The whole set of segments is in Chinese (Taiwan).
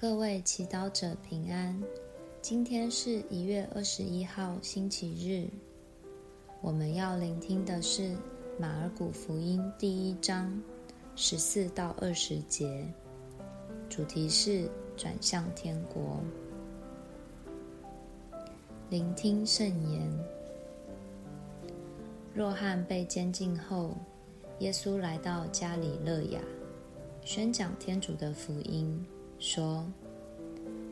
各位祈禱者平安，今天是一月二十一號星期日。我們要聆聽的是馬爾谷福音第一章十四到二十節，主題是轉向天國。聆聽聖言。若翰被監禁後，耶穌來到加里肋亞，宣講天主的福音。說：“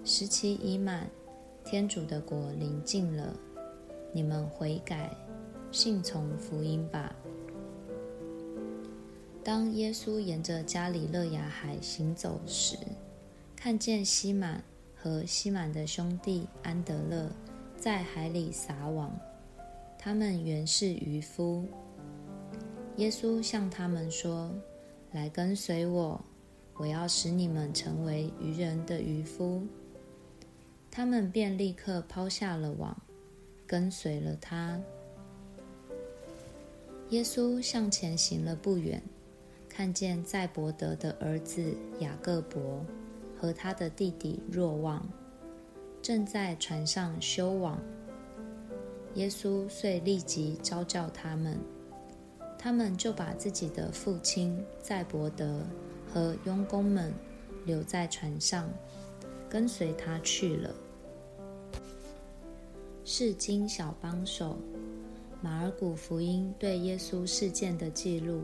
時期已滿，天主的國臨近了，你們悔改，信從福音吧。”當耶穌沿着加里肋亞海行走時，看見西滿和西滿的兄弟安德肋在海裡撒網，他們原是漁夫。耶穌向他們說：“來跟隨我。”我要使你們成為漁人的漁夫，他們便立刻拋下了網，跟隨了他。耶穌向前行了不遠，看見載伯德的兒子雅各伯和他的弟弟若望正在船上修網，耶穌遂立即召叫他們，他們就把自己的父親載伯德。和傭工們留在船上，跟隨他去了。釋經小幫手，馬爾谷福音對耶穌事件的記錄，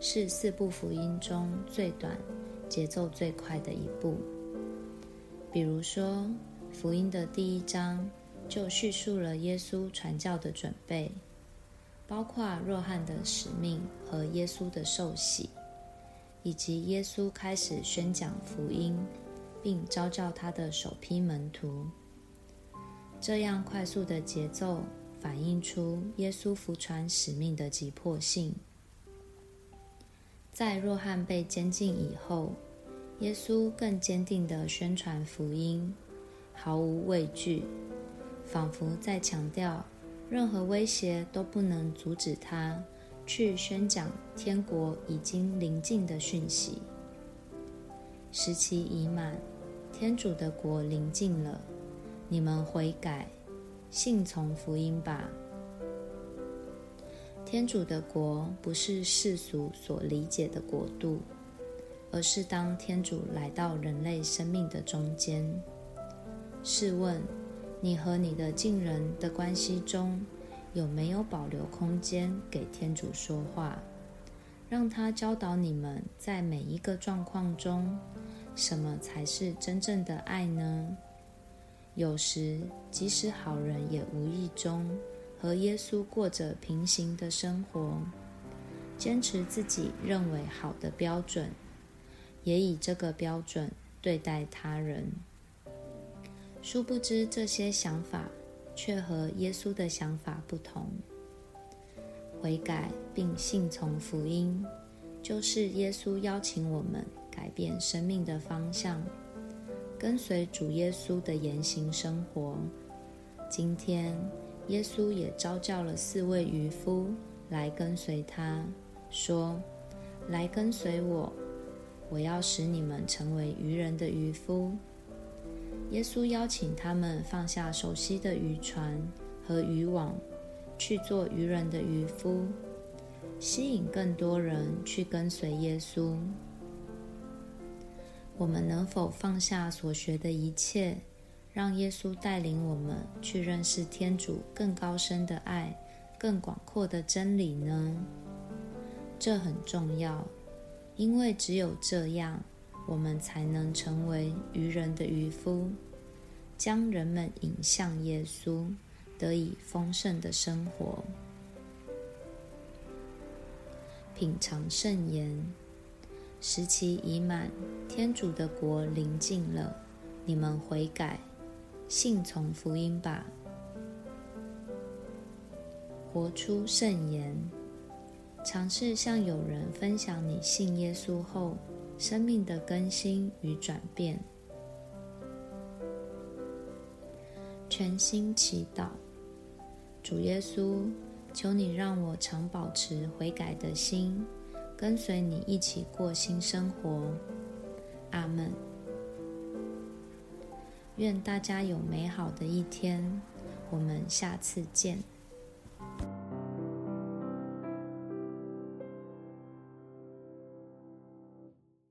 是四部福音中最短、節奏最快的一部。比如說，福音的第一章就敘述了耶穌傳教的準備，包括若翰的使命和耶穌的受洗，以及耶穌開始宣講福音，並召叫他的首批門徒。這樣快速的節奏反映出耶穌福傳使命的急迫性。在若翰被監禁以後，耶穌更堅定地宣傳福音，毫無畏懼，仿佛在強調，任何威脅都不能阻止他。去宣講天國已經臨近的訊息，時期已滿，天主的國臨近了，你們悔改，信從福音吧。天主的國不是世俗所理解的國度，而是當天主來到人類生命的中間。試問，你和你的近人的關係中，有沒有保留空間給天主說話，讓他教導你們在每一個狀況中，什麼才是真正的愛呢？有時，即使好人也無意中和耶穌過着平行的生活，堅持自己認為好的標準，也以這個標準對待他人。殊不知這些想法，卻和耶穌的想法不同。悔改並信從福音，就是耶穌邀請我們改變生命的方向，跟隨主耶穌的言行生活。今天，耶穌也召叫了四位漁夫來跟隨他，說：“來跟隨我，我要使你們成為漁人的漁夫。”耶穌邀請他們放下熟悉的漁船和漁網，去做漁人的漁夫，吸引更多人去跟隨耶穌。我們能否放下所學的一切，讓耶穌帶領我們去認識天主更高深的愛、更廣闊的真理呢？這很重要，因為只有這樣，我們才能成為漁人的漁夫，將人們引向耶穌，得以豐盛地生活。品嘗聖言，時期已滿，天主的國臨近了，你們悔改，信從福音吧。活出聖言，嘗試向友人分享你信耶穌後。生命的更新與轉變，全心祈禱，主耶穌，求你讓我常保持悔改的心，跟隨你一起過新生活。阿門。願大家有美好的一天，我們下次見。